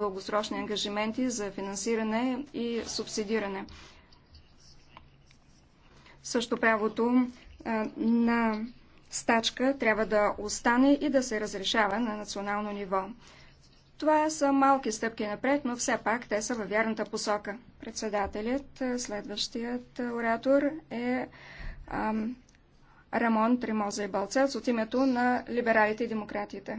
дългосрочни ангажименти за финансиране и субсидиране. Също правото на стачка трябва да остане и да се разрешава на национално ниво. Това са малки стъпки напред, но все пак те са във вярната посока. Председателят, следващият оратор е ам, Рамон Тримоза и Балцец от името на либералите и демократите.